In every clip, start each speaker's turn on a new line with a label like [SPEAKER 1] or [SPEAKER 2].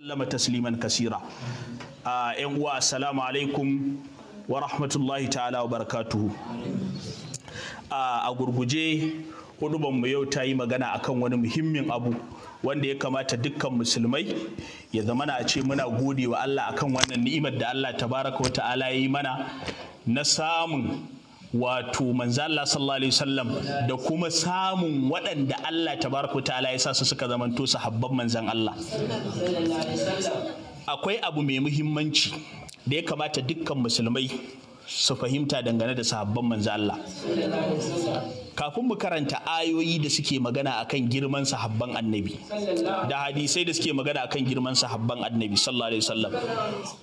[SPEAKER 1] sallama tasliman kasira a yan uwa assalamu alaikum wa rahmatullahi ta'ala wa barakatuhu a gurguje mu yau ta yi magana akan wani muhimmin abu wanda ya kamata dukkan musulmai ya zama a ce muna gode wa Allah akan wannan ni'imar da Allah tabaraka wa ta'ala ya yi mana na samun wato manzo Allah sallallahu alaihi wasallam da kuma samun waɗanda Allah tabaraka ta'ala ya sa su suka zamanto sahabban manzon Allah akwai abu mai muhimmanci da ya kamata dukkan musulmai su fahimta dangane da sahabban manzo Allah kafin mu karanta ayoyi da suke magana akan girman sahabban annabi da hadisai da suke magana akan girman sahabban annabi sallallahu alaihi wasallam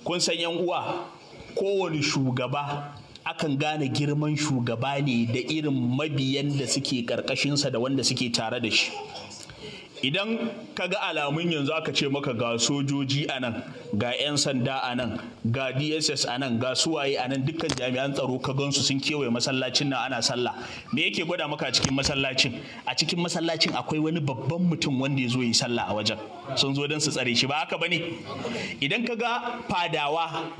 [SPEAKER 1] kun san yan uwa kowane shugaba akan gane girman shugaba ne da irin mabiyan da suke karkashinsa da wanda suke tare da shi idan ka ga alamun yanzu aka ce maka ga sojoji a nan ga 'yan sanda a nan ga dss a nan ga suwaye a nan dukkan jami'an tsaro ka gansu sun kewaye masallacin nan ana sallah me yake gwada maka a cikin masallacin a cikin masallacin akwai wani babban mutum wanda ya zo yi sallah a wajen sun zo don su tsare shi ba haka ne idan ka ga fadawa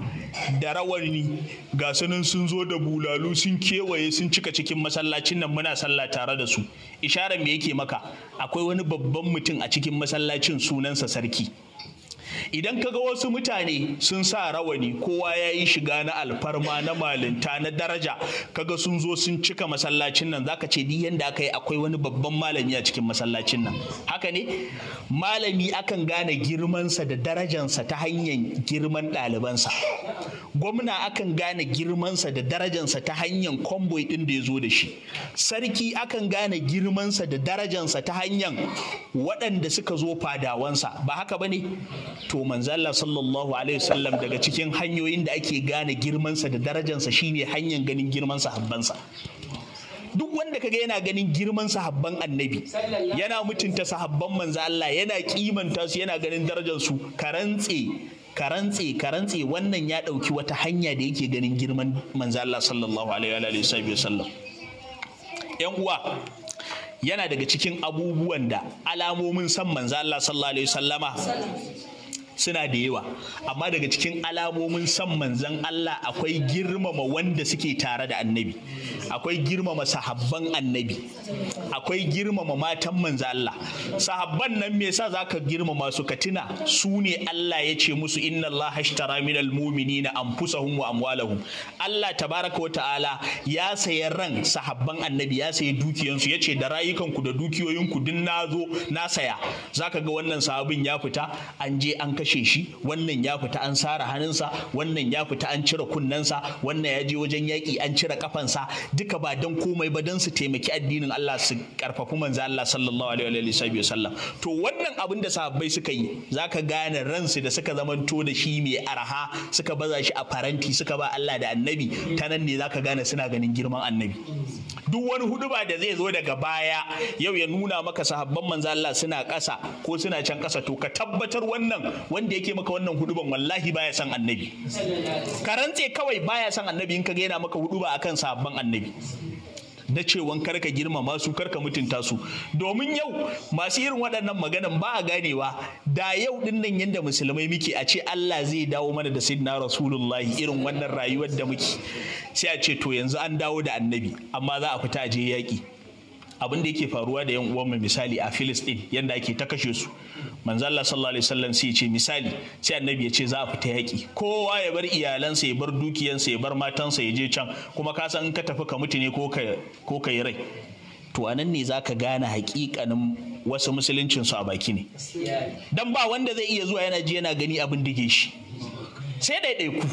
[SPEAKER 1] da rawani ga sunan sun zo da bulalu sun kewaye sun cika cikin masallacin nan muna sallah tare da su isharar me yake maka akwai wani babban mutum a cikin masallacin sunansa sarki idan ka ga wasu mutane sun sa rawani kowa ya yi shiga na alfarma na malinta na daraja kaga sun zo sun cika masallacin nan zaka ce ni yanda aka yi akwai wani babban malami a cikin masallacin nan haka ne malami akan gane girmansa da darajansa ta hanyar girman ɗalibansa gwamna akan gane girmansa da darajansa ta hanyar kwamboi ɗin da ya zo da shi sarki akan gane girmansa da darajansa ta hanyar waɗanda suka zo fadawansa ba haka ba ne to manzo Allah sallallahu alaihi wasallam daga cikin hanyoyin da ake gane girmansa da darajansa shine hanyar ganin girman sahabbansa duk wanda kaga yana ganin girman sahabban annabi yana mutunta sahabban manzo Allah yana kimanta su yana ganin darajar su karantse karantse karantse wannan ya dauki wata hanya da yake ganin girman manzo Allah sallallahu alaihi wa sallam yan uwa yana daga cikin abubuwan da alamomin san manzo Allah sallallahu alaihi wasallama suna da yawa amma daga cikin alamomin san manzan Allah akwai girmama wanda suke tare da annabi akwai girmama sahabban annabi akwai girmama matan manza Allah sahabban nan me yasa zaka girmama su ka tuna su ne Allah ya ce musu inna Allah hashtara minal mu'minina anfusahum wa amwalahum Allah tabaraka wa ta'ala ya saya ran sahabban annabi ya sayi dukiyansu ya ce da rayukanku da dukiyoyin ku din nazo na saya zaka ga wannan sahabin ya fita an je an kashe kashe shi wannan ya fita an sara hannunsa wannan ya fita an cire kunnensa wannan ya je wajen yaƙi an cire kafansa duka ba don komai ba don su taimaki addinin Allah su karfafi manzo Allah sallallahu alaihi wa sallam to wannan abin da sahabbai suka yi zaka gane ransu da suka zamanto da shi mai araha suka baza shi a faranti suka ba Allah da annabi ta nan ne zaka gane suna ganin girman annabi duk wani huduba da zai zo daga baya yau ya nuna maka sahabban manzo Allah suna ƙasa ko suna can ƙasa to ka tabbatar wannan wanda yake maka wannan huduban wallahi baya san annabi karance kawai baya san annabi in ka gaina maka huduba akan sabon annabi na cewan karka girmama su karka mutunta su domin yau masu irin waɗannan maganan ba a ganewa da yau din yadda musulmai muke a ce Allah zai dawo mana da sayyidina rasulullahi irin wannan rayuwar da muke sai a ce to yanzu an dawo da annabi amma za a fita a je yaƙi abin da yake faruwa da yan uwanmu misali a Filistin yadda ake ta kashe su Manzalla sallallahu alaihi wasallam sai ce misali sai annabi ya ce za a fita yaƙi. kowa ya bar iyalansa ya bar dukiyansa ya bar matansa ya je can kuma ka san in ka tafi ka mutu ne ko ka yi rai to anan ne zaka gane hakikanin wasu musuluncin su a baki ne dan ba wanda zai iya zuwa yana ji yana gani abin dige shi sai ɗaiɗaiku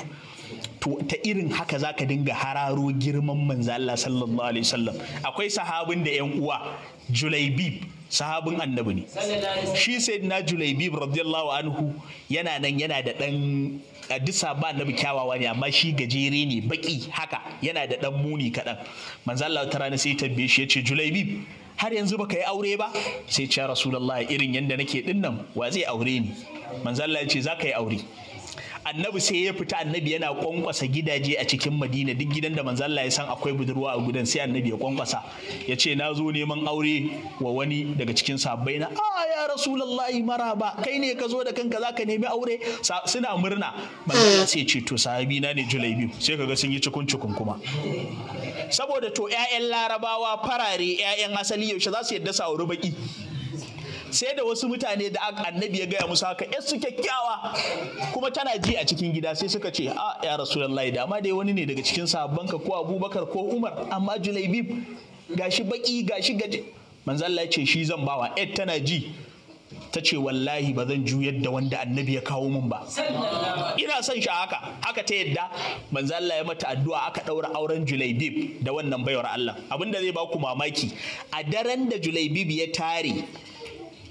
[SPEAKER 1] to ta irin haka za ka dinga hararo girman manzo Allah sallallahu alaihi wasallam akwai sahabin da yan uwa Julaibib sahabin annabi ne shi sayyidina Julaibib radiyallahu anhu yana nan yana da dan a disa ba annabi kyawawa ne amma shi gajere ne baki haka yana da dan muni kaɗan manzo Allah ta rana sai tambaye shi yace Julaibib har yanzu baka yi aure ba sai ce rasulullahi irin yanda nake dinnan wa zai aure ni manzo Allah ya ce za ka yi aure annabi sai ya fita annabi yana kwankwasa gidaje a cikin madina duk gidan da manzo ya san akwai budurwa a gudan sai annabi ya kwankwasa ya ce na zo neman aure wa wani daga cikin sabbai na a ah, ya rasulullahi maraba kai ne ka zo da kanka zaka nemi aure suna murna manzo sai ce to sahabi na ne julaibi sai kaga sun yi cikun cikun kuma saboda to 'ya'yan larabawa farare 'ya'yan asali yaushe za su yadda sa auri baki sai da wasu mutane da annabi ya gaya musu haka yasu kyakkyawa kuma tana ji a cikin gida sai suka ce a ah, ya rasulullahi da amma dai wani ne daga cikin ka ko abubakar ko umar amma julaibib gashi baki gashi gaje manzo Allah ya ce shi zan bawa ed tana ji ta ce wallahi ba zan juyar da wanda annabi ya kawo min ba ina son shi haka haka ta yadda manzo Allah ya mata addu'a aka daura auren Julaibib da wannan baiwar Allah abinda zai ba ku mamaki a daren da Julaibib ya tare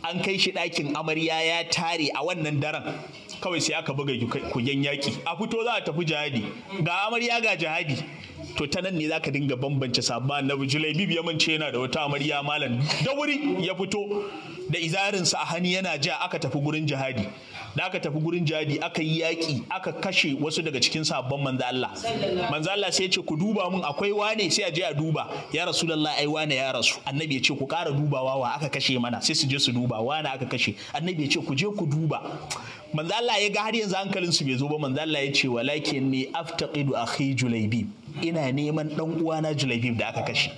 [SPEAKER 1] an kai shi ɗakin amarya ya tare a wannan daren kawai sai aka buga kugen yaƙi a fito za a tafi jihadi ga amarya ga jihadi to ta nan ne za ka dinga bambance sabba na julai ya mance yana da wata amarya malam da wuri ya fito da izarinsa a hannu yana ja aka tafi gurin jihadi da aka tafi gurin jihadi aka yi yaƙi aka kashe wasu daga cikin sabon manzo Allah manzo Allah sai ya ce ku duba mun akwai wane sai a je a duba ya rasu ai wane ya rasu annabi ya ce ku ƙara dubawa wa aka kashe mana sai su je su duba wane aka kashe annabi ya ce ku je ku duba manzo Allah ya ga har yanzu hankalin su bai zo ba manzo Allah ya ce walakin ni aftaqidu akhi julaybi ina neman dan uwana julaibib da aka kashe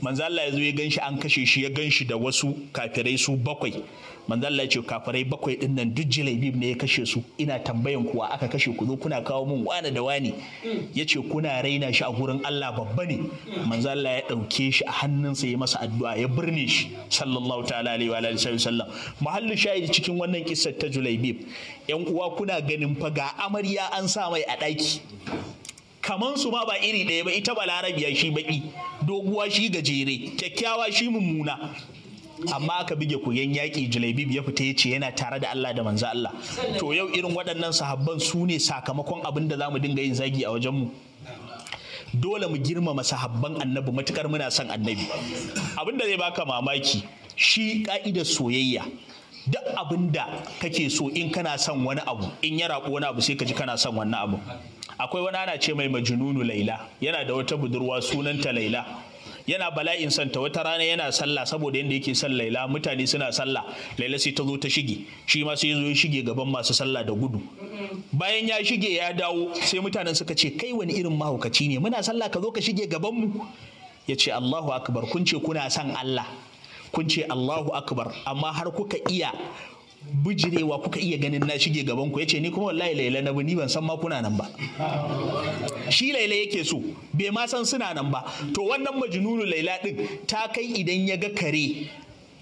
[SPEAKER 1] manzo Allah ya zo ya ganshi an kashe shi ya gan shi da wasu kafirai su bakwai manzan ya ce kafirai bakwai din nan duk Jilabib ne ya kashe su ina tambayan kuwa aka kashe ku zo kuna kawo min wani da wani ce kuna raina shi a gurin Allah babba ne manzan Allah ya dauke shi a hannunsa ya masa addu'a ya birne shi sallallahu ta'ala alaihi wa alihi sallam muhallu shahidi cikin wannan kissar ta Julaibi? yan uwa kuna ganin fa ga amarya an sa mai a ɗaki? kaman su ma ba iri ɗaya ba ita ba larabiya shi baki doguwa shi gajere kyakkyawa shi mummuna amma aka bige kuyen yaƙi jalebi ya fita ya ce yana tare da Allah da manzo Allah to yau irin waɗannan sahabban su ne sakamakon abin da zamu dinga yin zagi a wajen mu dole mu girmama sahabban annabi matukar muna son annabi abin da zai baka mamaki shi ka'idar soyayya duk abin da kake so in kana son wani abu in ya raƙo wani abu sai ka ji kana son wannan abu akwai wani ana ce mai majununu laila yana da wata budurwa sunanta laila yana bala'in santa wata rana yana sallah saboda yadda yake son laila mutane suna sallah laila sai ta zo ta shige shi ma sai zo ya shige gaban masu sallah da gudu bayan ya shige ya dawo sai mutanen suka ce kai wani irin mahaukaci ne muna sallah ka zo ka shige gaban mu ya ce Allahu akbar kun ce kuna son Allah kun ce Allahu akbar amma har kuka iya bijirewa kuka iya ganin na shige gaban ku yace ni kuma wallahi laila na ni ban san ma kuna nan ba shi laila yake so bai ma san suna nan ba to wannan majnunu laila din ta kai idan ya ga kare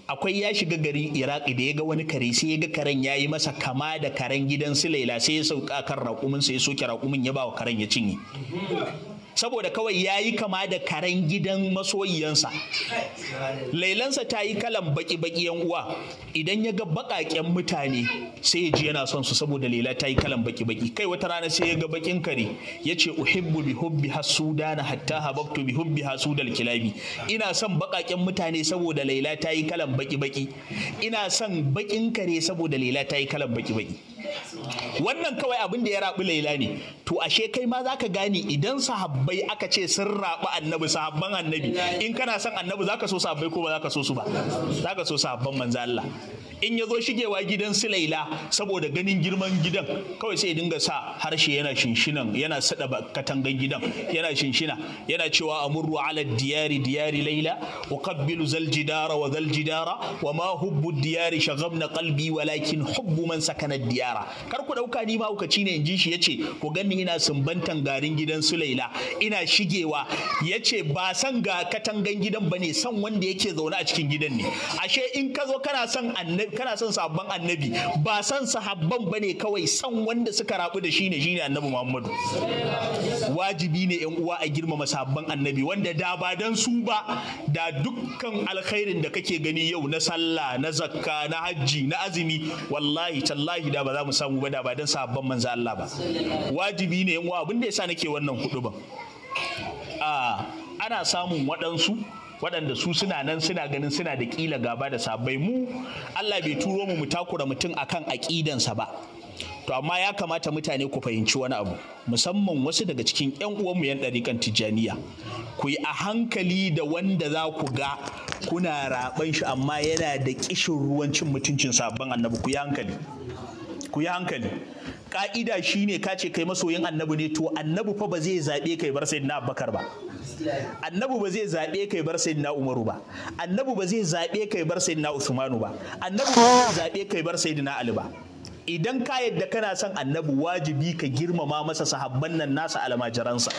[SPEAKER 1] akwai ya shiga gari iraki da ya ga wani kare sai ya ga karen ya yi masa kama da karen gidan su laila sai ya sauka kan raƙumin sai ya soke raƙumin ya ba wa karen ya cinye saboda kawai ya yi kama da karen gidan masoyiyansa lailansa ta yi kalan baki-baki yan uwa idan ya ga baƙaƙen mutane sai ya ji yana son su saboda laila ta yi kalan baki-baki kai wata rana sai ya ga bakin kare ya ce uhibbu bi hubbi hasudana hatta habaktu bi hubbi hasudal kilabi ina son baƙaƙen mutane saboda laila ta yi kalan baki-baki ina son bakin kare saboda laila ta yi kalan baki-baki wannan kawai abin da ya rabu laila ne to ashe kai ma zaka gane idan sahabbai aka ce sun rabu annabi sahabban annabi in kana son annabi zaka so sahabbai ko ba zaka so su ba zaka so sahabban manzo Allah in ya zo shigewa gidan su laila saboda ganin girman gidan kawai sai dinga sa harshe yana shinshinan yana sada katangan gidan yana shinshina yana cewa amurru ala diyari diyari laila wa qabbilu zal wa zal wa ma hubbu diyari shagabna qalbi walakin hubbu man sakana diyara kar ku dauka ni ma ci ne inji shi yace ku ganni ina sumbantan garin gidan su laila ina shigewa yace ba san ga katangan gidan bane san wanda yake zaune a cikin gidan ne ashe in ka zo kana son annabi idan kana son sahabban annabi ba san sahabban ba ne kawai san wanda suka rabu da shi ne ne annabi Muhammadu wajibi ne yan uwa a girmama sahabban annabi wanda da ba dan su ba da dukkan alkhairin da kake gani yau na sallah na zakka na hajji na azumi wallahi tallahi da ba za mu samu ba da ba dan sahabban manzo Allah ba wajibi ne yan uwa abin da yasa nake wannan hudu ba a ah, ana samun waɗansu waɗanda su suna nan suna ganin suna da kila gaba da sabai mu Allah bai turo mu mu takura mutum akan aƙidansa ba to amma ya kamata mutane ku fahimci wani abu musamman wasu daga cikin 'yan uwanmu 'yan ɗarikan tijjaniya ku yi a hankali da wanda za ku ga kuna raɓan shi amma yana da kishin ruwan cin mutuncin sabon annabi ku yi hankali ku yi hankali ƙa'ida shine ka ce kai masoyin annabi ne to annabi fa ba zai zaɓe kai bar sai na abubakar ba Annabu ba zai zaɓe kai bar na umaru ba Annabu ba zai zaɓe kai bar na usmanu ba Annabu ba zai zaɓe kai bar na ali ba idan ka yadda kana son Annabu wajibi ka girmama masa sahabban nan nasa almajiransa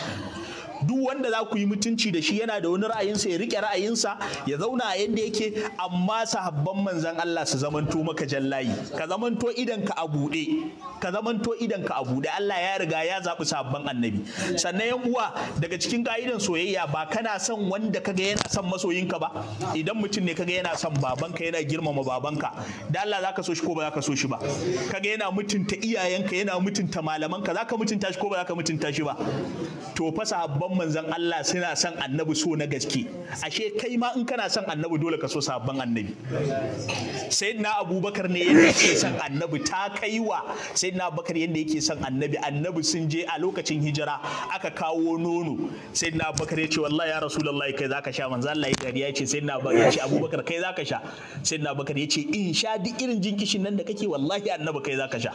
[SPEAKER 1] duk wanda za ku yi mutunci da shi yana da wani ra'ayinsa ya rike ra'ayinsa ya zauna a yadda yake amma sahabban manzan Allah su zamanto maka jallayi ka zamanto idan ka a buɗe ka zamanto idan a buɗe Allah ya riga ya zaɓi sahabban annabi sannan yan uwa daga cikin ka'idan soyayya ba kana son wanda kaga yana son masoyinka ba idan mutum ne kaga yana son babanka yana girmama babanka da Allah zaka so shi ko ba zaka so shi ba kaga yana mutunta iyayenka yana mutunta malamanka zaka mutunta shi ko ba zaka mutunta shi ba to fa sahabban sabon manzon Allah suna son annabi so na gaske ashe kai ma in kana son annabi dole ka so sabon annabi sayyidina abubakar ne yadda yake son annabi ta kaiwa sayyidina abubakar yadda yake son annabi annabi sun je a lokacin hijira aka kawo nono sayyidina abubakar ya ce wallahi ya rasulullah kai zaka sha manzon Allah ya dariya ya ce sayyidina abubakar kai zaka sha sayyidina abubakar ya ce in sha duk irin jinkishin nan da kake wallahi annabi kai zaka sha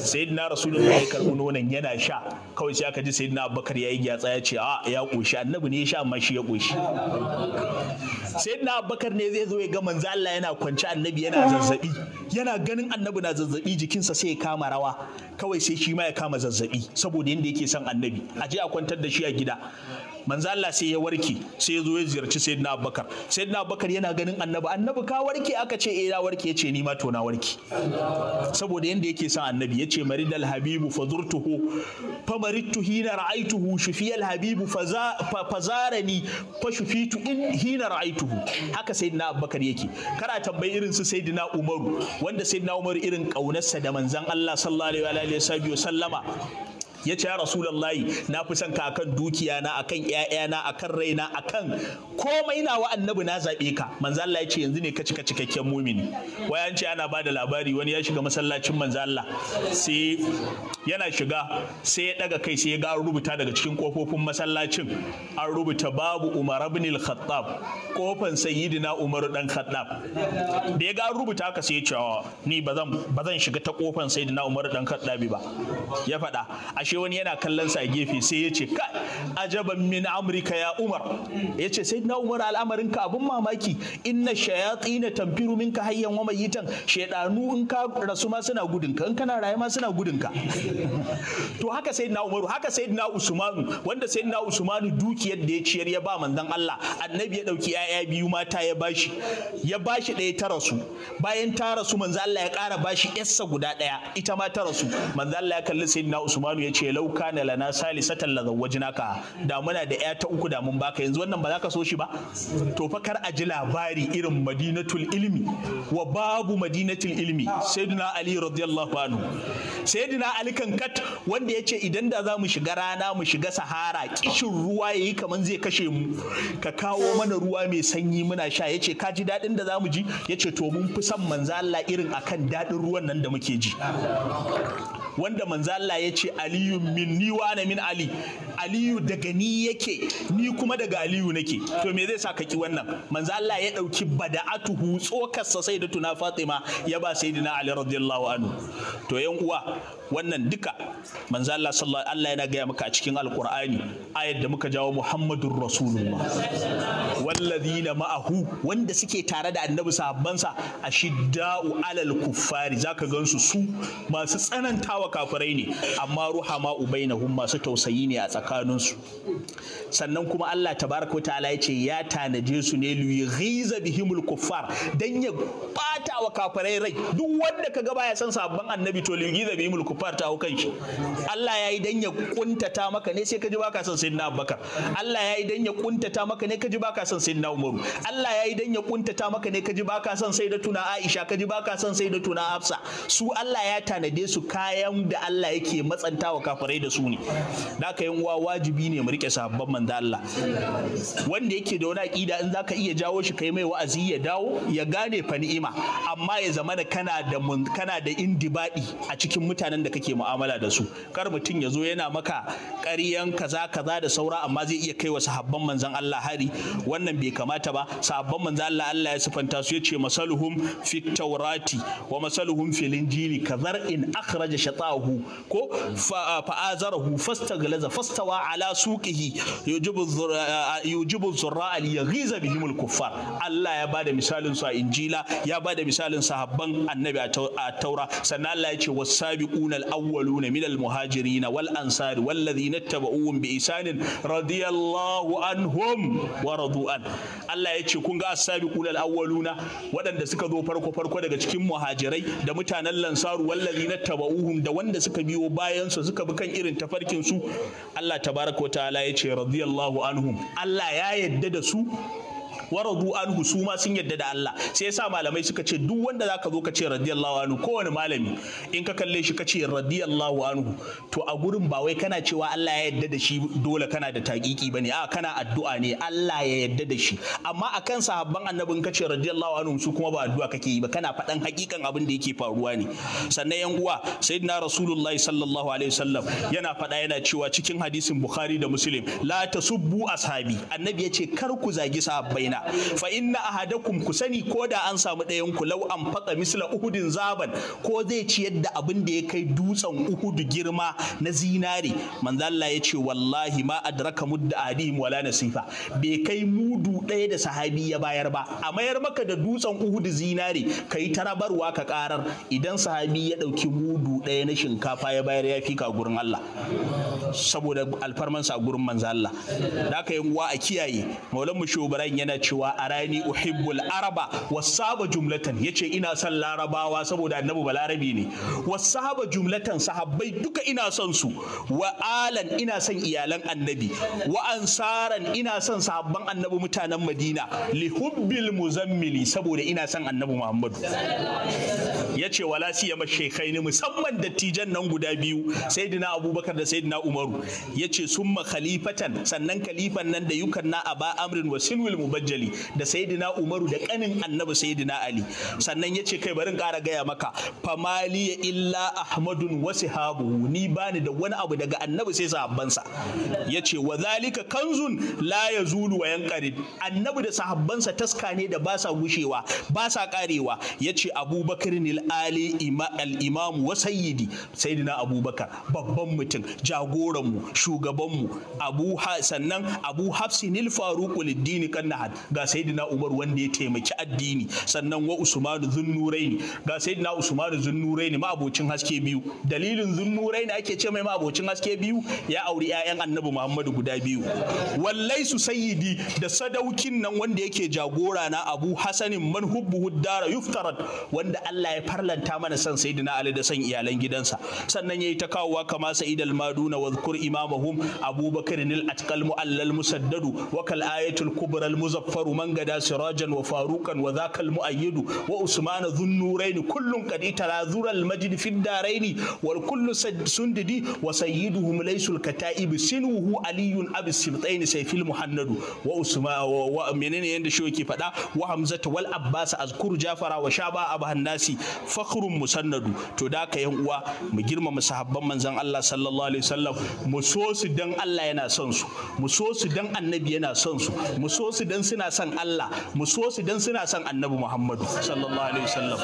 [SPEAKER 1] sayyidina rasulullah ya karbu nonon yana sha kawai sai aka ji sayyidina abubakar ya yi ya tsaya ce a ya ƙoshi annabi ne ya sha amma shi ya ƙoshi sai na bakar ne zai zo ya ga manzo Allah yana kwanci annabi yana zazzabi yana ganin annabi na zazzabi jikinsa sai ya kama rawa kawai sai shi ma ya kama zazzabi saboda yanda yake son annabi a je a kwantar da shi a gida manzo Allah sai ya warke sai ya zo ya ziyarci sayyidina Abubakar sayyidina Abubakar yana ganin annabi annabi ka warke aka ce eh na warke yace ni ma to na warke saboda yanda yake son annabi yace maridal habibu fazurtuhu famarittu hina ra'aituhu shufiyal habibu fazarani fashufitu in hina ra'aituhu haka sayyidina Abubakar yake kana tambayi irin su sayyidina Umaru wanda sayyidina Umaru irin kaunarsa da manzon Allah sallallahu alaihi wa sallama ya ce ya rasulallahi na fi son ka akan dukiya na akan ƴaƴana akan raina akan komai na wa annabi na zaɓe ka manzo Allah ya ce yanzu ne ka cika cikakken mumini an ce ana bada labari wani ya shiga masallacin manzo Allah sai yana shiga sai ya daga kai sai ya ga rubuta daga cikin kofofin masallacin an rubuta babu Umar ibn al-Khattab kofan sayyidina Umar dan Khattab da ya ga rubuta haka sai ya ce ni bazan bazan shiga ta kofan sayyidina Umar dan Khattab ba ya faɗa sai wani yana kallon sa a gefe sai ya ce ka ajaban min amrika ya umar ya ce sai na umar al'amarin ka abun mamaki inna shayatsi na tamfiru ka hayyan wa yitan shaidanu in ka rasu ma suna gudun ka in kana raye ma suna gudun ka to haka sai na umaru haka sai na usmanu wanda sai na usmanu dukiyar da ya ciyar ya ba manzon Allah annabi ya dauki yaya biyu mata ya bashi ya bashi ɗaya ta rasu bayan ta rasu manzon Allah ya ƙara bashi yassa guda ɗaya ita ma ta rasu manzon Allah ya kalli sai na usmanu ya ce lauka na lana satan la zawwajnaka da muna da ya ta uku da mun baka yanzu wannan ba za ka so shi ba to fa kar a ji labari irin madinatul ilmi wa babu madinatul ilmi sayyidina ali radiyallahu anhu sayyidina ali kat wanda yace idan da zamu shiga rana mu shiga sahara kishin ruwa yayi kaman zai kashe mu ka kawo mana ruwa mai sanyi muna sha yace ka ji dadin da za mu ji yace to mun fi son manzo Allah irin akan dadin ruwan nan da muke ji wanda manzo Allah ya ce aliyu minni wa ana min ali aliyu daga ni yake ni kuma daga aliyu nake to me zai sa ka ki wannan manzo Allah ya dauki bada'atuhu tsokarsa sai da tuna Fatima ya ba sayyidina Ali radiyallahu anhu to yan uwa wannan duka manzo Allah sallallahu Allah yana gaya maka a cikin alqur'ani ayar da muka jawo Muhammadur Rasulullah wallazina ma'ahu wanda suke tare da annabi sahabbansa ashidda'u alal kuffari zaka gansu su masu tsanantawa kafirai ne amma ruhama ubainahum masu tausayi ne a tsakaninsu sannan kuma Allah tabaraka ta'ala ya ce ya tanaje su ne liyughiza bihimul kuffar dan ya bata wa kafirai rai duk wanda kaga baya son sabon annabi to lingi da mulku far ta hukan shi Allah yayi dan ya kuntata maka ne sai kaji baka son sayyidina Abubakar Allah yayi dan ya kuntata maka ne kaji baka son sayyidina Umaru Allah yayi dan ya kuntata maka ne kaji baka son sayyidatuna Aisha kaji baka son sayyidatuna Hafsa su Allah ya tanade su kayan da Allah yake matsanta wa kafirai da su ne da ka yin wajibi ne mu rike sahabban manzo Allah wanda yake da wani aqida in zaka iya jawo shi kai mai wa'azi ya dawo ya gane fa ni'ima amma ya zama da kana da kana da indibaɗi a cikin mutanen da kake mu'amala da su kar mutum ya zo yana maka ƙaryan kaza kaza da saura amma zai iya kai wa sahabban manzan Allah hari wannan bai kamata ba sahabban manzan Allah Allah ya sifanta su yace masaluhum fit tawrati wa masaluhum fil injili in akhraja shatahu ko fa'azarahu fastaglaza fastawa ala suqihi yujibu yujibu zurra al yaghiza bihimul kuffar Allah ya bada misalin su a injila ya bada da misalin sahabban annabi a taura sannan Allah ya ce wasabiquna al-awwaluna min al-muhajirin wal ansari wal ladina tabauhum bi isanin radiyallahu anhum wa radu an Allah ya ce kun ga as-sabiquna al-awwaluna waɗanda suka zo farko farko daga cikin muhajirai da mutanen lansaru wal ladina tabauhum da wanda suka biyo bayan su suka bi kan irin tafarkin su Allah tabaraka wa ta'ala ya ce radiyallahu anhum Allah ya yadda da su waradu anhu su ma sun yadda da Allah sai yasa malamai suka ce duk wanda zaka zo ka ce radiyallahu anhu kowane malami in ka kalle shi ka ce radiyallahu anhu to a gurin ba wai kana cewa Allah ya yadda da shi dole kana da taƙiƙi bane a kana addu'a ne Allah ya yadda da shi amma akan sahabban annabin ka ce radiyallahu anhu su kuma ba addu'a kake yi ba kana faɗan hakikan abin da yake faruwa ne sannan yan uwa sayyidina rasulullahi sallallahu alaihi wasallam yana faɗa yana cewa cikin hadisin bukhari da muslim la tasubbu ashabi annabi ya ce kar ku zagi sahabbaina fa inna ahadakum ku sani ko da an samu ɗayan ku lau an faɗa misla uhudin zaban ko zai ci da abin da ya kai dutsen uhudu girma na zinari. manzo Allah ya ce wallahi ma adraka mudda adihim wala nasifa bai kai mudu ɗaya da sahabi ya bayar ba a mayar maka da dutsen uhudu zinari ka yi tarabarwa ka karar idan sahabi ya ɗauki mudu ɗaya na shinkafa ya bayar ya fika gurin Allah saboda alfarmansa a gurin manzo Allah da aka yi a kiyaye maulan mu shubaran yana cewa rani uhibbul araba wasaba jumlatan yace ina son larabawa saboda annabi balarabi ne wasaba jumlatan sahabbai duka ina son su wa alan ina son iyalan annabi wa ansaran ina son sahabban annabi mutanen madina li hubbil muzammili saboda ina son annabi muhammadu yace wala siyama shaykhaini musamman dattijan nan guda biyu sayyidina abubakar da sayyidina umaru yace summa khalifatan sannan khalifan nan da yukanna aba amrin wa silwil mubajjal da sayyidina umaru da kanin annabi sayyidina ali sannan ya ce kai barin ƙara gaya maka famaliya illa ahmadun wasu sahabu ni bani da wani abu daga annabi sai sahabbansa ya ce wa zalika kanzun la ya wa yankari? annabi da sahabbansa taska ne da ba sa gushewa ba sa karewa ya ce abubakar ali al-imamu wa sayyidi sayyidina abubakar babban mutum jagoranmu shugabanmu abu sannan abu hafsi nil faruqul dini kannahad ga saidina Umar wanda ya taimaki addini sannan wa Usman Zunnurain ga sayyidina Usman Zunnurain ma abocin haske biyu dalilin Zunnurain ake ce mai ma abocin haske biyu ya auri ƴaƴan Annabi Muhammadu guda biyu wallai su sayyidi da sadaukin nan wanda yake jagora na Abu Hasanin man hubbu yuftarat wanda Allah ya farlanta mana san saidina Ali da san iyalan gidansa sannan ya yi ta kawowa kama Sa'id al-Maduna wa dhkur imamahum Abu Bakr al-Atqal mu'allal musaddadu wa kal ayatul kubra al-muzaffar jafaru gada sirajan wa farukan wa zakal muayyidu wa usman dhun nurain kullun qad itara zural majd fi darain wal kullu sundidi wa sayyiduhum laysul kataib sinuhu aliyun abis sibtain sayfil muhannadu wa usman wa menene yanda shi yake fada wa hamzata wal abbas azkur jafara wa shaba abu hannasi musannadu to da ka yan uwa mu girmama sahabban manzon Allah sallallahu alaihi wasallam mu su dan Allah yana son su mu su dan annabi yana son su mu su dan suna suna son Allah mu so su dan suna son annabi Muhammadu sallallahu alaihi wasallam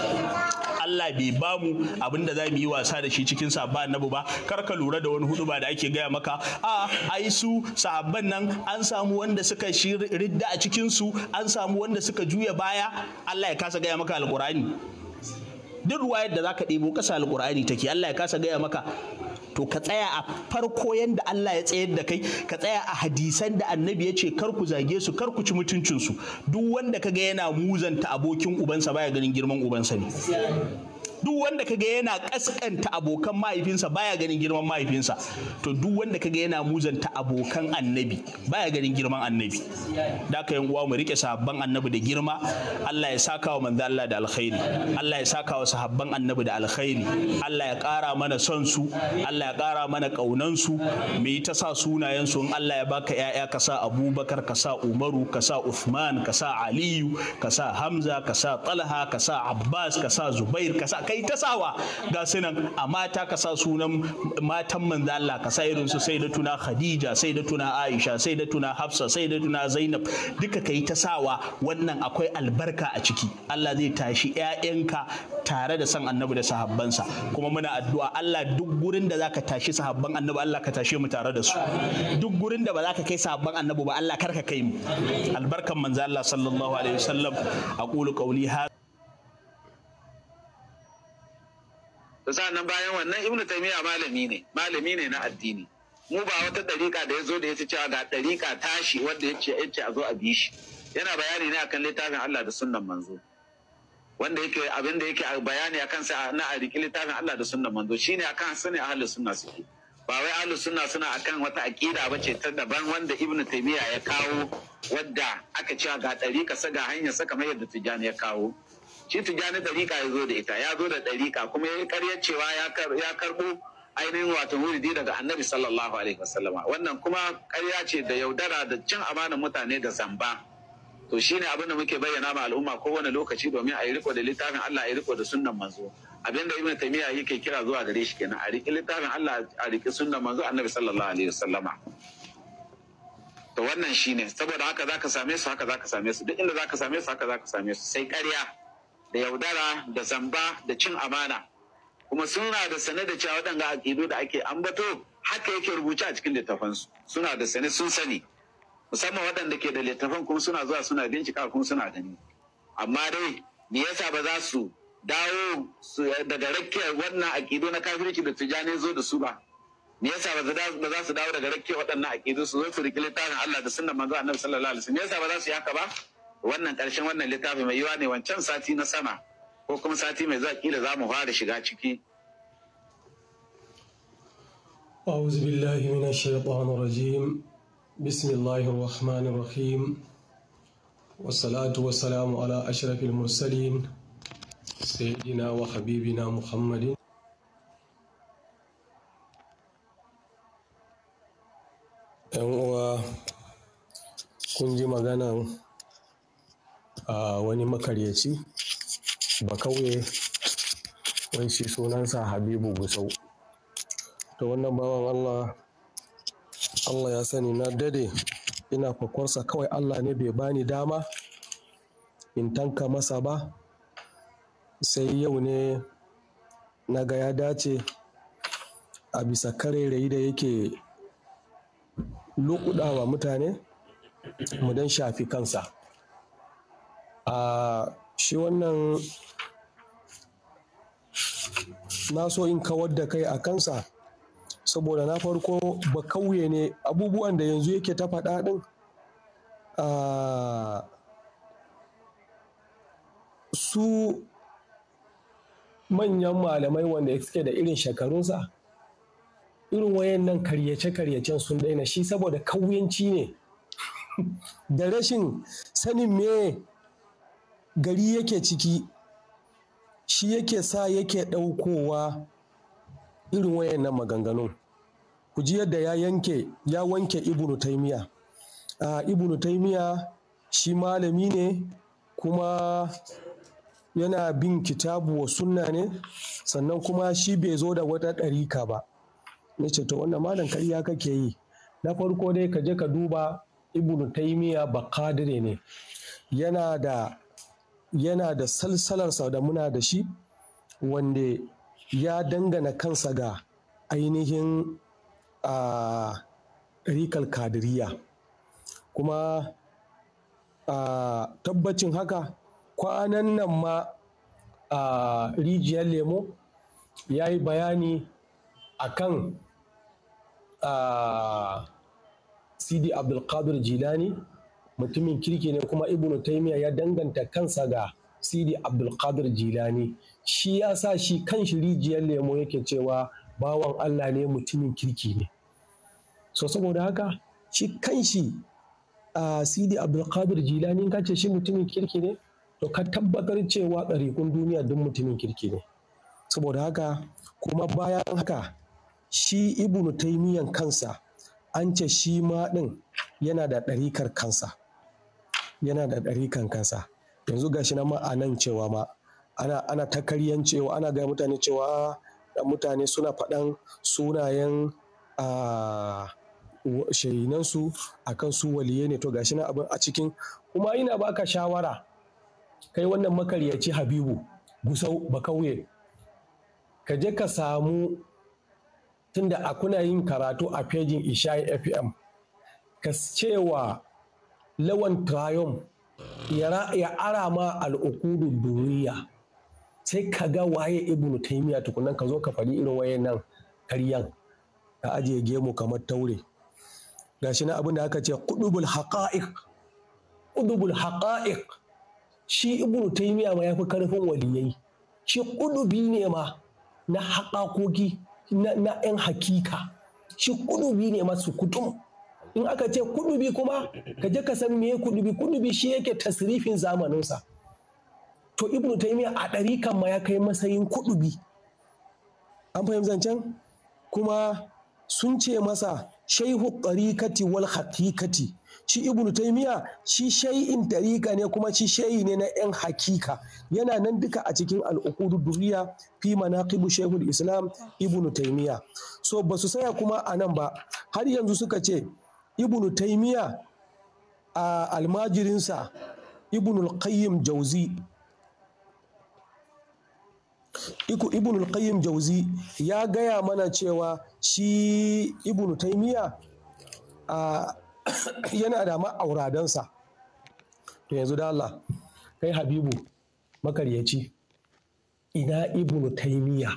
[SPEAKER 1] Allah bai ba mu abin da za mu yi wasa da shi cikin sa ba annabi ba kar ka lura da wani huduba da ake gaya maka a ai su sahabban nan an samu wanda suka shi ridda a cikin su an samu wanda suka juya baya Allah ya kasa gaya maka alqur'ani duk ruwayar da zaka debo kasa alqur'ani take Allah ya kasa gaya maka to ka tsaya a farko yadda Allah ya tsayar da kai ka tsaya a hadisan da annabi ya ce kar ku zage su kar ku ci mutuncinsu duk wanda ka ga yana muzanta abokin ubansa baya ganin girman ubansa ne duk wanda kaga yana kaskanta abokan mahaifinsa baya ganin girman mahaifinsa to duk wanda kaga yana muzanta abokan annabi baya ganin girman annabi da ka yan uwa mu rike sahabban annabi da girma Allah ya saka wa manzo Allah da alkhairi Allah ya saka wa sahabban annabi da alkhairi Allah ya kara mana son su Allah ya kara mana kaunan su mu yi ta sa sunayen su Allah ya baka yaya ka sa Abubakar ka sa Umaru ka sa Uthman ka sa Aliyu ka sa Hamza ka sa Talha ka sa Abbas ka sa Zubair ka sa kai ta sawa ga sunan a mata ka sa sunan matan manzo Allah ka sa irin su sayyidatuna Khadija tuna Aisha sai da tuna Hafsa sai da tuna Zainab duka kai ta sawa wannan akwai albarka a ciki Allah zai tashi ƴaƴanka tare da san annabi da sahabbansa kuma muna addu'a Allah duk gurin da zaka tashi sahabban annabi Allah ka tashe mu tare da su duk gurin da ba za ka kai sahabban annabi ba Allah karka kai mu albarkan manzo Allah sallallahu alaihi wasallam aqulu
[SPEAKER 2] qawli sa'annan bayan wannan Ibn taymiya malami ne malami ne na addini mu ba wata dariƙa da ya zo da ya ce cewa ga dariƙa tashi wanda ya ce ce a zo a bi shi yana bayani ne akan littafin Allah da sunnan manzo wanda yake abin da yake bayani akan sa na a riki littafin Allah da sunnan manzo shine akan sani ahlus sunna suke ba wai ahlus sunna suna akan wata aqida ce ta daban wanda ibn taymiya ya kawo wadda aka cewa ga dariƙa sa ga hanyar sa kamar yadda tijani ya kawo shi tijjani ɗariƙa ya zo da ita ya zo da ɗariƙa kuma ya yi karyar cewa ya karɓo ainihin wato wuridi daga annabi sallallahu alaihi wasallama wannan kuma karya ce da yaudara da cin amanar mutane da zamba to shine abin da muke bayyana ma al'umma kowane lokaci domin a yi riko da littafin Allah a yi riko da sunnan manzo abin da ibnu tamiya yake kira zuwa gare shi kenan a riki littafin Allah a riki sunnan manzo annabi sallallahu alaihi wasallama to wannan shine saboda haka zaka same su haka zaka same su duk inda zaka same su haka zaka same su sai ƙarya da yaudara da zamba da cin amana kuma suna da sane da cewa waɗanda aƙidu da ake ambato haka yake rubuce a cikin littafansu suna da sane sun sani musamman waɗanda ke da littafan kuma suna zuwa suna bincika kuma suna gani amma dai me yasa ba za su dawo daga rakkiyar wannan aƙidu na kafirci da tijani zo da su ba me yasa ba za su dawo daga rakkiyar waɗannan aƙidu su zo su riƙi littafin Allah da sunnan manzo Annabi sallallahu alaihi wasallam me yasa ba za su yi haka ba wannan ƙarshen wannan littafi mai yiwa ne wancan sati na sama ko kuma sati mai zuwa kila za mu fara shiga ciki
[SPEAKER 3] أعوذ بالله من الشيطان الرجيم بسم الله الرحمن الرحيم والصلاة والسلام على أشرف المرسلين سيدنا وحبيبنا محمد kun ji maganan wani makaryaci ba kauye wani sunansa habibu Busau. to wannan bawan allah allah ya sani na dade ina kwakwarsa kawai allah ne bai bani dama in tanka masa ba sai yau ne na ga ya dace a bisa karerayi da yake lukudawa mutane mu dan shafi kansa a shi wannan na so in kawar da kai a kansa saboda na farko ba kauye ne abubuwan da yanzu yake ta faɗa ɗin su manyan malamai wanda suke da irin shekarunsa irin wayannan karyace-karyacen sun daina shi saboda kauyanci ne da rashin sanin me gari yake ciki shi yake sa yake ɗaukowa irin wayannan maganganun ku ji yadda ya yanke ya wanke ibnu taimiya uh, ibnu taimiya shi malami ne kuma yana bin kitabu wa sunna ne sannan kuma shi bai zo da wata ɗarika ba na ce to wannan malam karya kake yi na farko dai ka je ka duba ibnu taimiya bakadire ne yana da yana da salsalarsa da muna da shi wanda ya dangana kansa ga ainihin a rikal kadiriya kuma a tabbacin haka kwanan nan ma a rijiyar lemo ya yi bayani a kan sidi abdulkadir jilani mutumin kirki ne kuma ibnu taimiya ya danganta kansa ga sidi abdulkadir jilani shi ya sa shi kan shi rijiyar lemo yake cewa bawan allah ne mutumin kirki ne so saboda haka shi kan shi a sidi abdulkadir jilani ka ce shi mutumin kirki ne to ka tabbatar cewa ɗarikun duniya duk mutumin kirki ne saboda haka kuma bayan haka shi ibnu taimiyan kansa an ce shi ma ɗin yana da ɗarikar kansa yana da ɗarikan kansa yanzu gashi nan ma a nan cewa ma ana ana ta cewa ana ga mutane cewa mutane suna faɗan sunayen a shahinansu a kan su waliye ne to gashi nan abin a cikin kuma ina baka shawara kai wannan makaryaci habibu gusau bakauye ka je ka samu tunda a kuna yin karatu a fejin isha fm ka cewa lawan triumph ya ara ma al'ukudun duniya sai ka ga waye ibnu taimiya tukunan ka zo ka faɗi irin waye nan karyan ka ajiye gemu kamar taure shi na abin da aka ce kudubul haqa'iq kudubul haqa'iq shi ibnu taimiya ma yafi karfin waliyai shi kudubi ne ma na haƙaƙoki na 'yan hakika shi kudubi ne masu kutum in aka ce kudubi kuma ka je ka san meye kudubi kudubi shi yake tasrifin zamaninsa to ibnu taymiya a ɗarikan ma ya kai matsayin kudubi an fahimci zancen kuma sun ce masa shaihu ɗarikati wal hakikati shi ibnu taimiya shi shai'in ɗarika ne kuma shi shai'i ne na yan hakika yana nan duka a cikin al'ukudu duriya fi manaqibu shaihul islam ibnu taimiya so ba su saya kuma a nan ba har yanzu suka ce ibnu taimiya a almajirinsa Ibnu qayyim jauzi ibnu jauzi ya gaya mana cewa shi ibnu taimiya yana da ma'auradansa to yanzu da Allah kai habibu makaryaci ina ibnu taimiya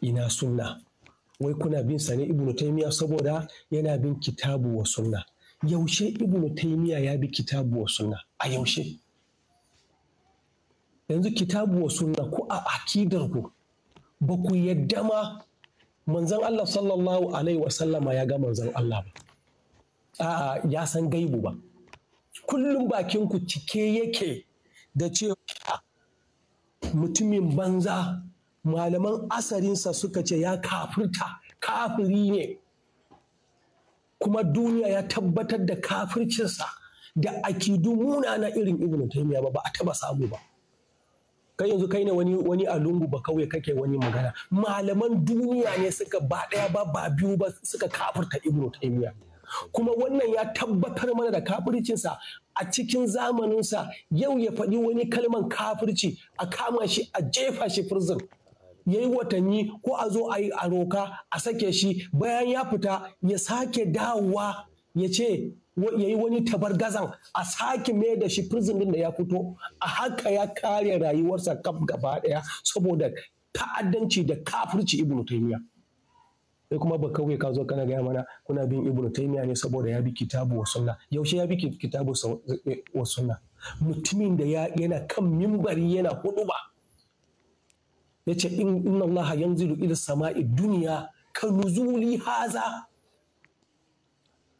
[SPEAKER 3] ina sunna wai kuna bin sa ne ibnu taymiya saboda yana bin kitabu wa sunna yaushe ibnu taymiya ya bi kitabu wa sunna a yaushe yanzu kitabu wa sunna ku a akidar ku ba ku yadda ma manzon Allah sallallahu alaihi wasallama ya ga manzon Allah ba a'a ya san gaibu ba kullum bakin ku cike yake da cewa mutumin banza malaman asarinsa suka ce ya kafirta kafiri ne kuma duniya ya tabbatar da kafircinsa da akidu na irin ibn taymiya ba ba a taba samu ba kai yanzu kai ne wani wani a lungu ba kawai kake wani magana malaman duniya ne suka ba daya ba ba biyu ba suka kafirta ibnu taymiya kuma wannan ya tabbatar mana da kafircinsa a cikin zamaninsa yau ya faɗi wani kalman kafirci a kama shi a jefa shi prison ya yi watanni ko a zo a yi a roka a sake shi bayan ya fita ya sake dawowa ya ce ya yi wani tabargazan a sake mai da shi prison da ya fito a haka ya kare rayuwarsa kaf gaba daya saboda ta'addanci da kafirci ibnu taymiya sai kuma ba kawai ka zo kana gaya mana kuna bin ibnu taymiya ne saboda ya bi kitabu wa sunna yaushe ya bi kitabu eh, wa sunna mutumin da yana kan mimbari yana hudu ba yace in inna yanzu yanzilu ila sama'i duniya ka nuzuli haza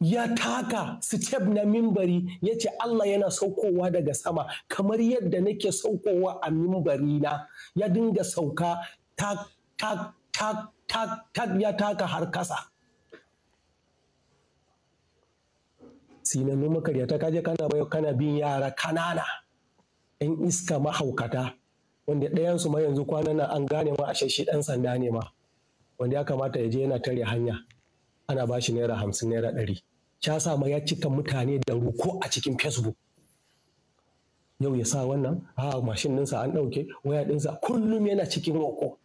[SPEAKER 3] ya taka step na mimbari ya ce Allah yana saukowa daga sama kamar yadda nake saukowa a mimbari na ya dinga sauka tak ya taka har kasa sinanu makarya ta kaje kana bayo kana bin yara kanana yan iska mahaukata wanda ɗayan su ma yanzu kwanan nan an gane ma a shi ɗan sanda ne ma wanda ya kamata ya je yana tare hanya ana ba shi naira hamsin naira ɗari ya sa ma ya cika mutane da ruko a cikin facebook yau ya sa wannan a mashin ɗinsa an ɗauke waya ɗinsa kullum yana cikin roƙo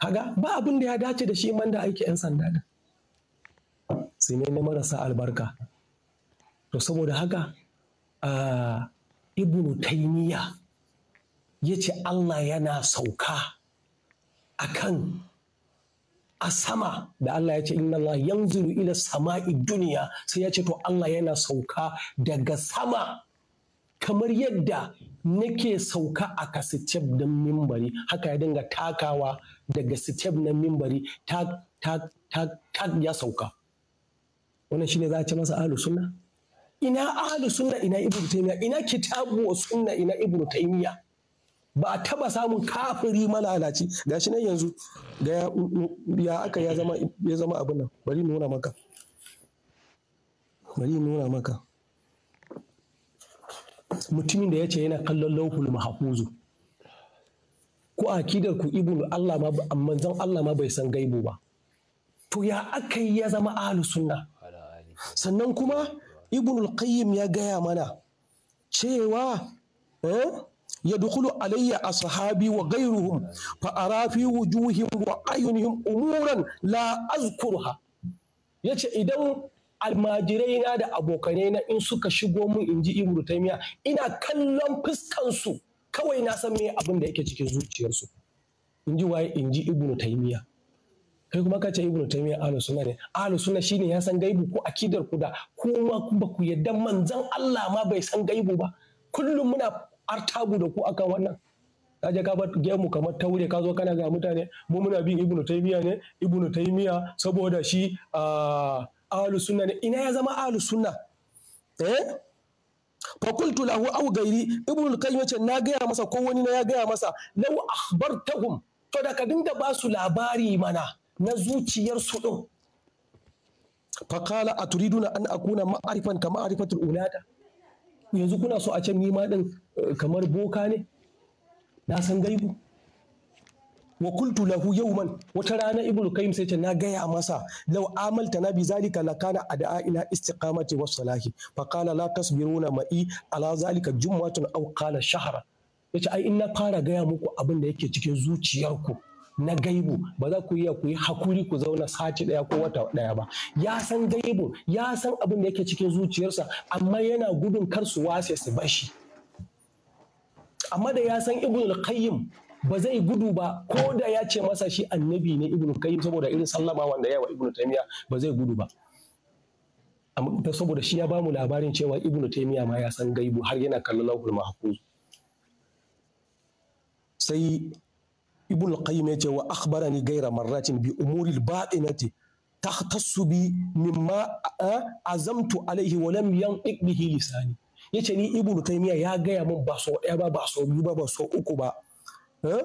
[SPEAKER 3] kaga ba abin da ya dace da shi man da aiki 'yan sanda ɗin sai ne marasa albarka to saboda haka ah, ibnu taymiya ya ce Allah yana sauka a kan a sama da Allah ya ce inna Allah yanzuru ila sama'i duniya sai ya ce to Allah yana sauka daga sama kamar yadda nake sauka a ka step na mimbari haka ya dinga takawa daga step na mimbari ta ta ta ya sauka wannan shine za a ce masa ahlus sunna ina ahlus sunna ina ibnu taymiya ina kitabu wa sunna ina ibnu taymiya ba a taba samun kafiri malalaci gashi nan yanzu ga ya mm, mm, aka ya zama ya zama abin nan bari nuna maka bari nuna maka mutumin da ya ce yana kallon lauhul mahfuzu ko akidar ku Ibn Allah ma zan Allah ma bai san gaibu ba to ya aka ya zama ahlus sunna sannan kuma al qayyim ya gaya mana cewa eh يدخل Alayya Asahabi wa فأرى fa'arafi وجوههم وأعينهم umuran لا Ya yace idan almajirai na da abokanai na in suka shigo mun in ji ibnu taymiya ina kallon fuskansu kawai na san me abin da yake cikin zuciyarsu in ji waye in ji ibnu taymiya kai kuma kace ibnu taymiya ahlus sunna ne ahlus sunna shine ya san gaibu ko akidar ku da kuma ba ku yadda manzon Allah ma bai san gaibu ba kullum muna artabu da ku akan wannan ka je ka bar gemu kamar taure ka zo kana ga mutane mu muna bin ibnu taymiya ne ibnu taymiya saboda shi ahlus sunna ne ina ya zama ahlus sunna eh fakultu lahu aw gairi ibnu al-qayyim na gaya masa ko wani na ya gaya masa law akhbartahum to da ka dinga ba su labari mana na zuciyar su din fa qala aturiduna an akuna ma'rifan kama ma'rifatul ulada yanzu kuna so a can nima din eh, kamar boka ne na san gaibu wa kultu lahu yawman wata rana ibnu kayyim sai ce na gaya masa law amalta na bi zalika la kana ad'a ila istiqamati was salahi fa qala la tasbiruna ma'i ala zalika jum'atun aw qala shahra yace ai in na fara gaya muku abin da yake cikin zuciyarku na gaibu ba za ku iya ku yi hakuri ku zauna sati daya ko wata ɗaya ba ya san gaibu ya san abin da yake cikin zuciyarsa amma yana gudun kar su wase su bashi amma da ya san ibn al-qayyim ba zai gudu ba ko da ya ce masa shi annabi ne ibn qayyim saboda irin sallama wanda ya wa ibn taymiya ba zai gudu ba amma saboda shi ya bamu labarin cewa ibn taymiya ma ya san gaibu har yana kallon lahul mahfuz sai ibn qayyim yace wa akhbarani gaira marratin bi umuril batinati tahtassu bi mimma azamtu alaihi wa lam yanqiq bihi lisani yace ni ibn taymiya ya gaya min ba so ɗaya ba ba so biyu ba ba so uku ba eh?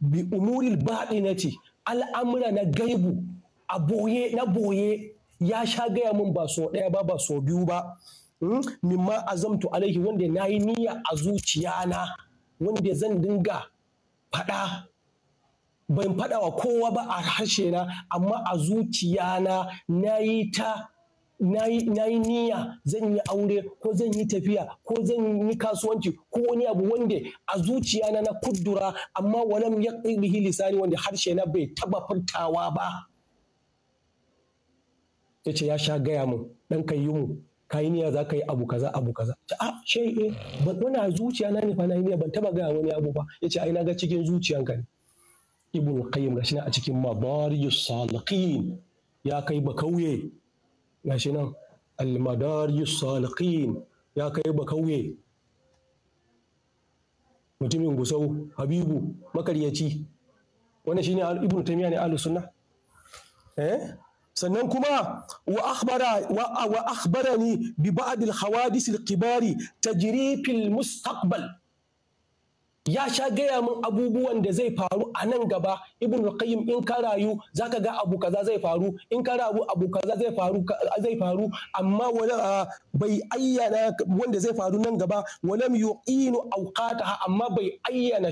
[SPEAKER 3] bi umuril batinati al'amura na gaibu a boye na boye ya sha gaya min ba so ɗaya ba ba so biyu ba hmm? mimma azamtu alaihi wanda na yi niyya a zuciyana wanda zan dinga faɗa ban faɗa wa kowa ba a harshe na amma a zuciya na na yi ta na yi niyya zan yi aure ko zan yi tafiya ko zan yi kasuwanci ko wani abu wanda a zuciya na na kuddura amma wani ya bihi lisani wanda harshe na bai taba furtawa ba ya ce ya sha gaya mu dan kai yi mu ka yi niyya za ka yi abu kaza abu kaza a ah, shi eh ban zuciya na ne fa na yi niyya ban taba gaya wani abu ba ya ce ai na ga cikin zuciyanka ne ibn qayyim gashi nan a cikin madarijus saliqin ya kai ba kauye gashi nan al madarijus saliqin ya kai ba kauye mutumin gusau habibu makaryaci wannan shine ibn taymiya ne ahlus sunna eh sannan kuma wa akhbara wa akhbarani bi ba'd al hawadith al kibari tajri fil mustaqbal ya sha gaya min abubuwan da zai faru a nan gaba ibn qayyim in ka rayu zaka ga abu kaza zai faru in ka rayu abu kaza zai faru zai faru amma wala bai ayyana wanda zai faru nan gaba walam yuqinu awqataha amma bai ayyana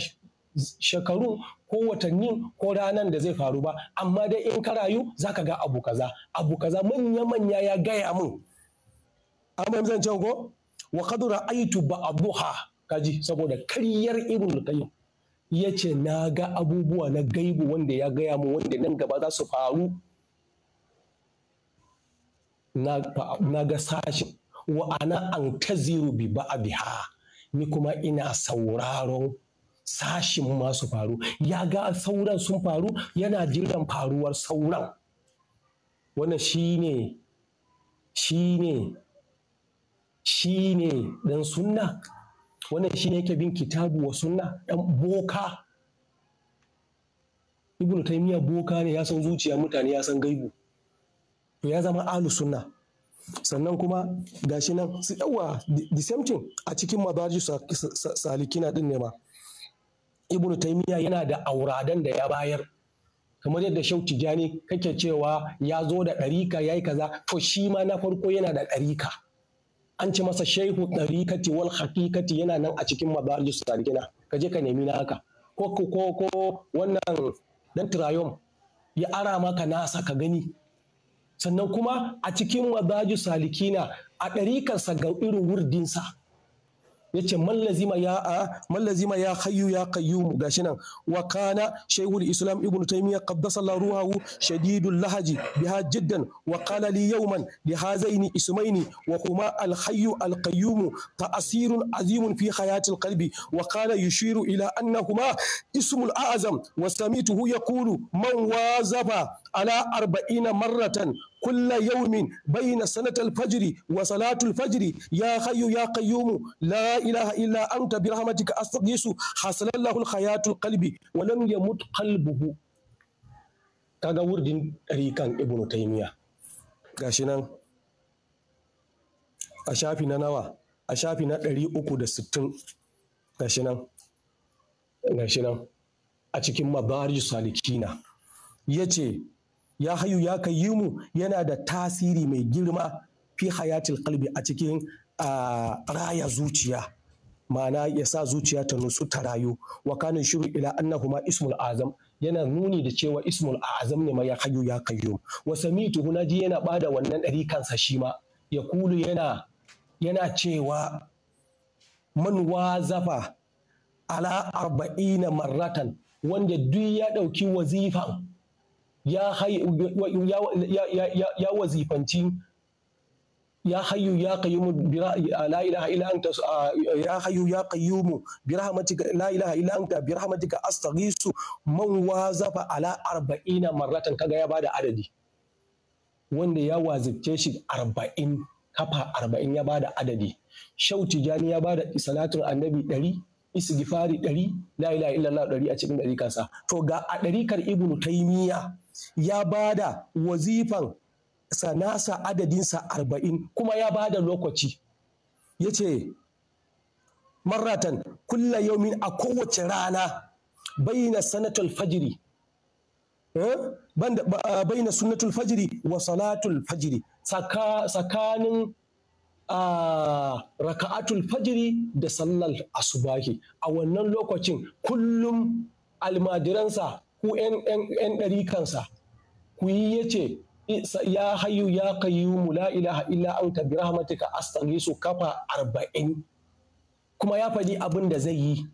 [SPEAKER 3] shekaru ko watannin ko ranan da zai faru ba amma dai in ka rayu zaka ga abu kaza abu kaza manya manya ya gaya min amma zan can ko wa qad ra'aytu ba'daha kaji saboda karyar ibn qayyim ya ce na ga abubuwa na gaibu wanda ya gaya mu wanda nan gaba za su faru na ga sashi wa ana an taziru bi biha ni kuma ina sauraron sashin masu faru ya ga sauran sun faru yana jiran faruwar sauran wannan shine shine shine dan sunna wannan shi ne yake bin kitabu wa sunna ɗan boka ibnu taymiya boka ne ya san zuciya mutane ya san gaibu to ya zama alu sunna sannan kuma gashi nan su yawa the same thing a cikin mabaji salikina din ne ma ibnu taymiya yana da auradan da ya bayar kamar yadda shau tijani kake cewa ya zo da ɗarika ya yi kaza to shi ma na farko yana da ɗarika an ci masa shehu ɗarikati wal hakikati yana nan a cikin madarijus salikina ka je ka nemi na haka ko ko ko wannan dan ya ara maka nasa ka gani sannan kuma a cikin madarijus salikina a ɗarikarsa ga irin wurdinsa yace mallazima ya a mallazima ya hayyu ya qayyum gashi nan wa kana shaykhul islam ibnu taymiyyah qaddasallahu ruhahu shadidul lahaji biha jiddan wa qala li yawman li hazaini ismaini wa huma al hayyu al qayyum ta'sirun azimun fi hayatil qalbi wa qala yushiru ila annahuma ismul a'zam wa samituhu yaqulu man wazafa ala arba'ina marratan كل يوم بين سنة الفجر وصلاة الفجر يا حي يا قيوم لا إله إلا أنت برحمتك أستغيث حصل له الحياة القلب ولم يمت قلبه kaga wurdin ɗarikan ibnu taimiya gashi nan a shafi na nawa a shafi na ɗari uku da sittin a cikin mabari salikina ya hayu ya mu yana da tasiri mai girma fi hayatil kalbi a cikin raya zuciya ma'ana ya sa zuciya ta nusu ta rayu wa kanin shiru ila annahuma ismul azam yana nuni da cewa ismul azam ne ma ya hayu ya kayyum wa samitu hunaji yana bada wannan ɗari kansa shi ma ya kulu yana yana cewa man wazafa ala arba'ina marratan wanda duk ya ɗauki wazifan ya wazifanci ya hayu ya qayyumu la ilaha illa anta ya hayyu ya qayyumu bi rahmatika la ilaha illa anta bi rahmatika man wazafa ala marratan kaga ya bada adadi wanda ya wazifce shi arba'in kafa arba'in ya bada adadi shau tijani ya bada salatun annabi dari istighfari ɗari la ilaha illallah a cikin dari kansa to ga a ɗarikar ibnu taymiya ya ba da wazifan sanasa adadinsa arba'in kuma ya ba da lokaci ya ce marratan kulla yaumin a kowace rana bayyana sanatul fajiri eh, bayyana sunnatul fajiri wa salatul fajiri tsakanin raka'atul fajiri da sallar asubahi a wannan lokacin kullum almadiransa ku 'yan kansa ku yi ya ce ya hayu ya kayyumu la ilaha illa anta ka rahmatika su kafa arba'in kuma ya faɗi abin da zai yi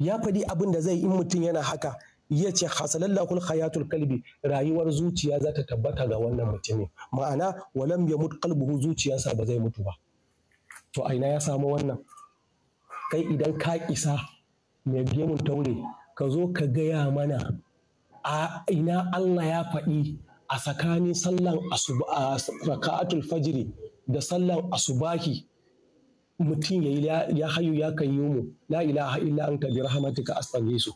[SPEAKER 3] ya faɗi abin da zai in mutum yana haka ya ce hasalallahul hayatul kalbi rayuwar zuciya za ta tabbata ga wannan mutumin ma'ana walam ya mutu kalbuhu zuciyarsa ba zai mutu ba to aina ya samu wannan kai idan ka isa mai biye mun taure ka zo ka gaya mana a ina Allah ya faɗi a tsakanin sallan raka'atul fajiri da sallan asubahi mutum ya ya hayu ya kan yi mu la ilaha illa anta bi rahmatika su.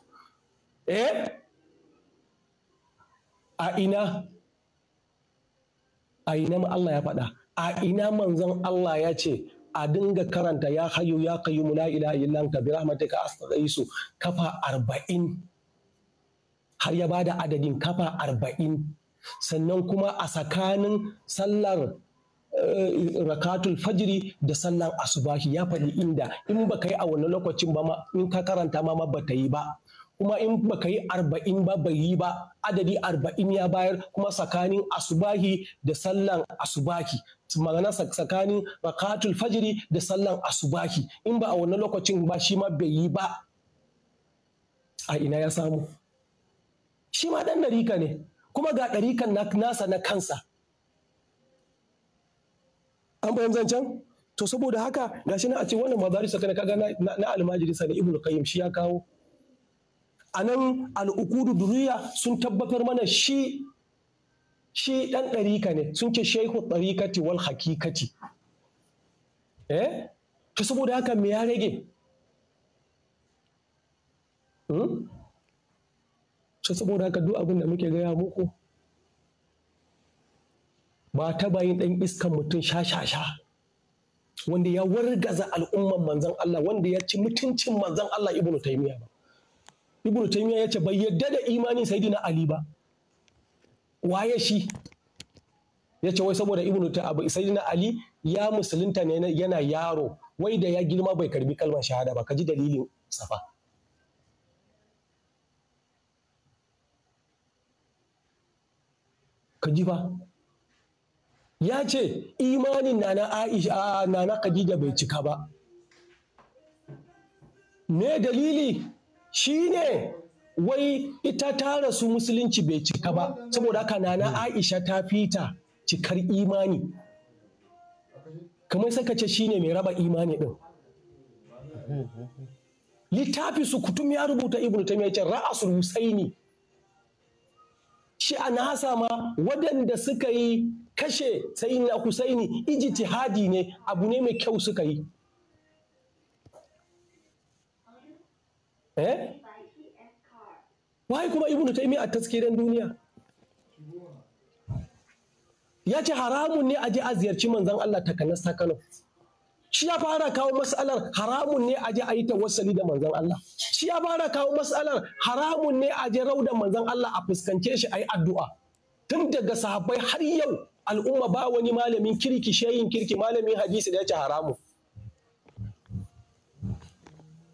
[SPEAKER 3] eh a ina a ina Allah ya faɗa a ina manzon Allah ya ce a dinga karanta ya hayu ya mu la ilaha illa anta bi rahmatika astaghiisu kafa arba'in har ya bada adadin kafa arba'in sannan kuma a tsakanin sallar eh, rakatul fajiri da sallar asubahi ya faɗi inda in ka yi a wannan lokacin ba in ka karanta ma ba ta yi ba kuma in baka yi arba'in ba bai yi ba adadi arba'in ya bayar kuma tsakanin asubahi da sallan asubahi, magana tsakanin rakatul fajiri da sallan asubahi. in ba a wannan lokacin ba shi ma bai yi ba a ina ya samu shi ma dan ɗarika ne kuma ga ɗarikan nasa na kansa an bayan zancen to saboda haka gashi na a ce wannan mazari sakana kaga na almajiri sani ibnu qayyim shi ya kawo a nan al'ukudu duniya sun tabbatar mana shi shi ɗan ɗarika ne sun ce shehu ɗarikati wal hakikati eh to saboda haka me ya rage hmm? to saboda haka duk abin da muke gaya muku ba ta bayin ɗan iskan mutum sha-sha-sha wanda ya wargaza al'umman manzan Allah wanda ya ci mutuncin manzan Allah ibnu taimiya ba ibn taymiya ya ce bai yadda da imanin sayyidina ali ba waye shi ya ce wai saboda ibn sayyidina ali ya musulunta ne yana yaro wai da ya girma bai karbi kalmar shahada ba kaji dalilin safa kaji ba. ya ce imanin nana aisha nana khadija bai cika ba me dalili shi ne wai ita ta rasu musulunci bai cika ba saboda haka nana hmm. aisha ta fita cikar imani kamar saka ce shi ne mai raba imani din. littafi su kutum ya rubuta ibnu ta ce ra'asul husaini shi a nasa ma waɗanda suka yi kashe sayin na husaini ijtihadi ne abu ne mai kyau suka yi eh wai kuma ibnu taimi a taskiran duniya ya ce haramun ne a je a ziyarci manzan Allah takanas ta Kano shi ya fara kawo matsalar haramun ne a je a yi tawassali da manzan Allah shi ya fara kawo matsalar haramun ne a je rauda manzan Allah a fuskance shi a yi addu'a tun daga sahabbai har yau al'umma ba wani malamin kirki shayin kirki malamin hadisi da ya ce haramun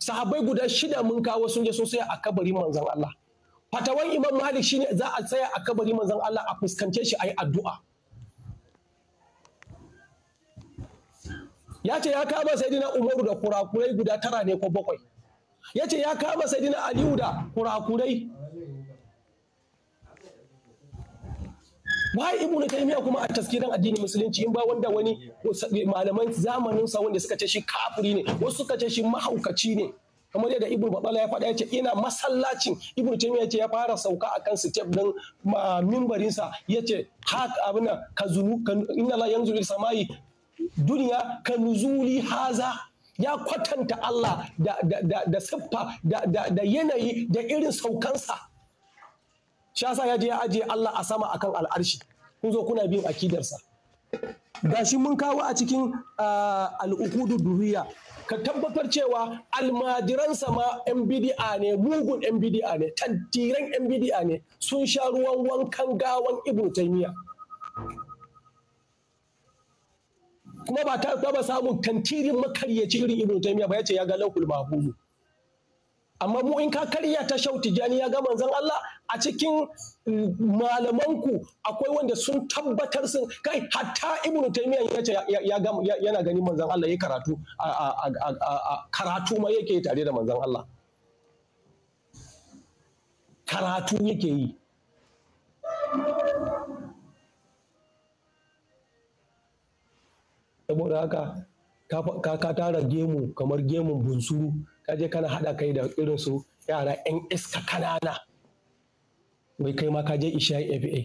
[SPEAKER 3] Sahabai guda shida mun kawo sun je sun saya a kabarin manzon Allah fatawan imam malik shine za a tsaya a kabarin manzon Allah a fuskance shi a yi addu'a ya ce ya kama saidina umaru da kurakurai guda tara ne ko bakwai ya ce ya kama saidina aliyu da kurakurai ba ibnu taymiya kuma a taskiran addinin musulunci in ba wanda wani malaman zamanin sa wanda suka ce shi kafiri ne wasu suka ce shi mahaukaci ne kamar yadda ibn babala ya faɗa ya ce ina masallacin ibnu taymiya ce ya fara sauka akan step din mimbarin sa yace hak abuna in inna la yanzuru samai duniya kanuzuli haza ya kwatanta Allah da siffa da yanayi da irin saukansa Shasa ya je ya ajiye Allah a sama akan al'arshi kun zo kuna bin akidarsa gashi mun kawo a cikin al'ukudu duriya ka tabbatar cewa almajiransa ma yan bidi'a ne mugun yan bidi'a ne tantiran yan bidi'a ne sun sha ruwan wankan gawan Ibn taymiya kuma ba ta samun tantirin makaryaci irin Ibn taymiya ba yace ya ga laukul mahfuzu amma mu in ka karya ta shau tijani ya ga manzon Allah a cikin mm, malamanku akwai wanda sun tabbatar sun kai hatta ibnu taymiya ya ce yana gani manzon Allah ya karatu karatu ma yake tare da manzan Allah karatu yake yi saboda haka ka ka tara gemu kamar gemun bunsuru ka je kana haɗa kai da irin su yara 'yan iska kanana wai kai ma ka je isha fa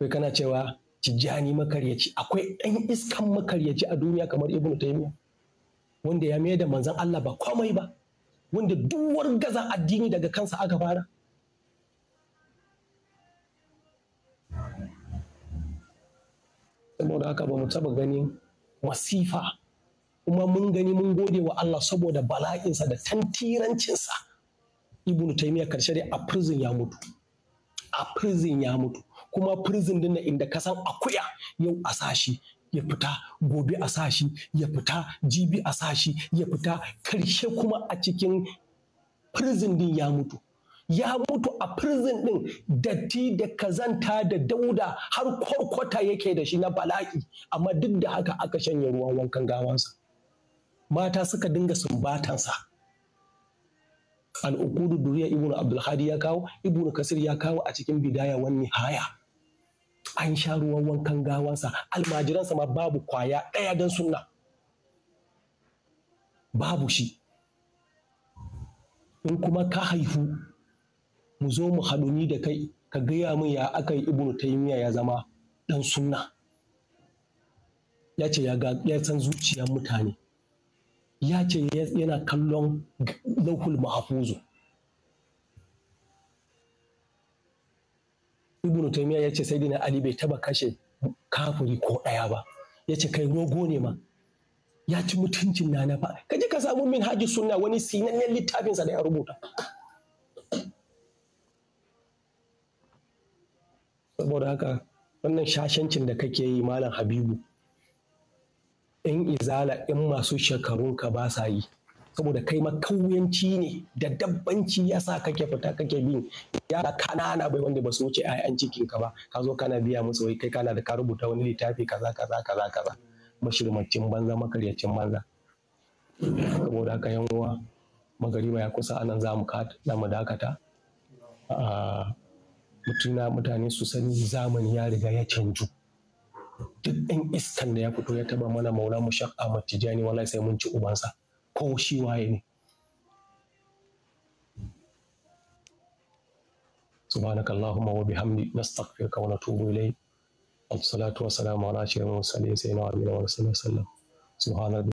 [SPEAKER 3] wai kana cewa tijjani makaryaci akwai yan iskan makaryaci a duniya kamar ibnu Taymiyyah wanda ya mayar da manzon Allah ba komai ba wanda duwar gaza addini daga kansa aka fara saboda haka ba mu taba ganin Wasifa kuma mun gani mun gode wa Allah saboda bala'insa da tantirancinsa ibnu taymiya karshe dai a prison ya mutu a prison ya mutu kuma prison din inda ka san akuya yau a sashi ya fita gobe a sashi ya fita jibi a sashi ya fita karshe kuma a cikin prison din ya mutu ya mutu a prison ɗin datti da kazanta da dauda har kwarkwata yake da shi na bala'i amma duk da haka aka shanye ruwan wankan gawansa mata suka dinga sumbatansa al'ukudu duriya ibnu abdulhadi ya kawo ibnu kasir ya kawo a cikin bidaya wani haya an sha ruwan wankan gawansa almajiransa ma babu kwaya ɗaya don sunna babu shi in kuma ka haifu mu zo mu haɗu ni da kai ka gaya min ya aka yi ibnu taymiya ya zama ɗan sunna ya ce ya ga ya san zuciyar mutane ya ce yana kallon lauhul mahafuzu ibnu taymiya ya ce sai dina ali bai taba kashe kafuri ko ɗaya ba ya ce kai rogo ne ma ya ci mutuncin na fa kaji ka samu min haji sunna wani sinannen littafinsa da ya rubuta saboda haka wannan shashancin da kake yi malam habibu in izala in masu ka ba sa yi saboda kai makauyanci ne da dabbanci ya sa kake fita kake bin yara kanana bai wanda ba su wuce 'ya'yan ka ba ka zo kana biya musu wai kai kana da ka rubuta wani littafi kaza kaza kaza kaza mashirmacin banza makaryacin banza saboda haka yan uwa magariba ya kusa anan za mu dakata ah, mutuna mutane su sani zamani ya riga ya canju duk ɗan iskan da ya fito ya taba mana maula mu shak a matijani wallahi sai mun ci ubansa ko shi waye ne سبحانك اللهم وبحمدك نستغفرك ونتوب إليك wa والسلام على أشرف المرسلين سيدنا محمد صلى الله عليه وسلم سبحان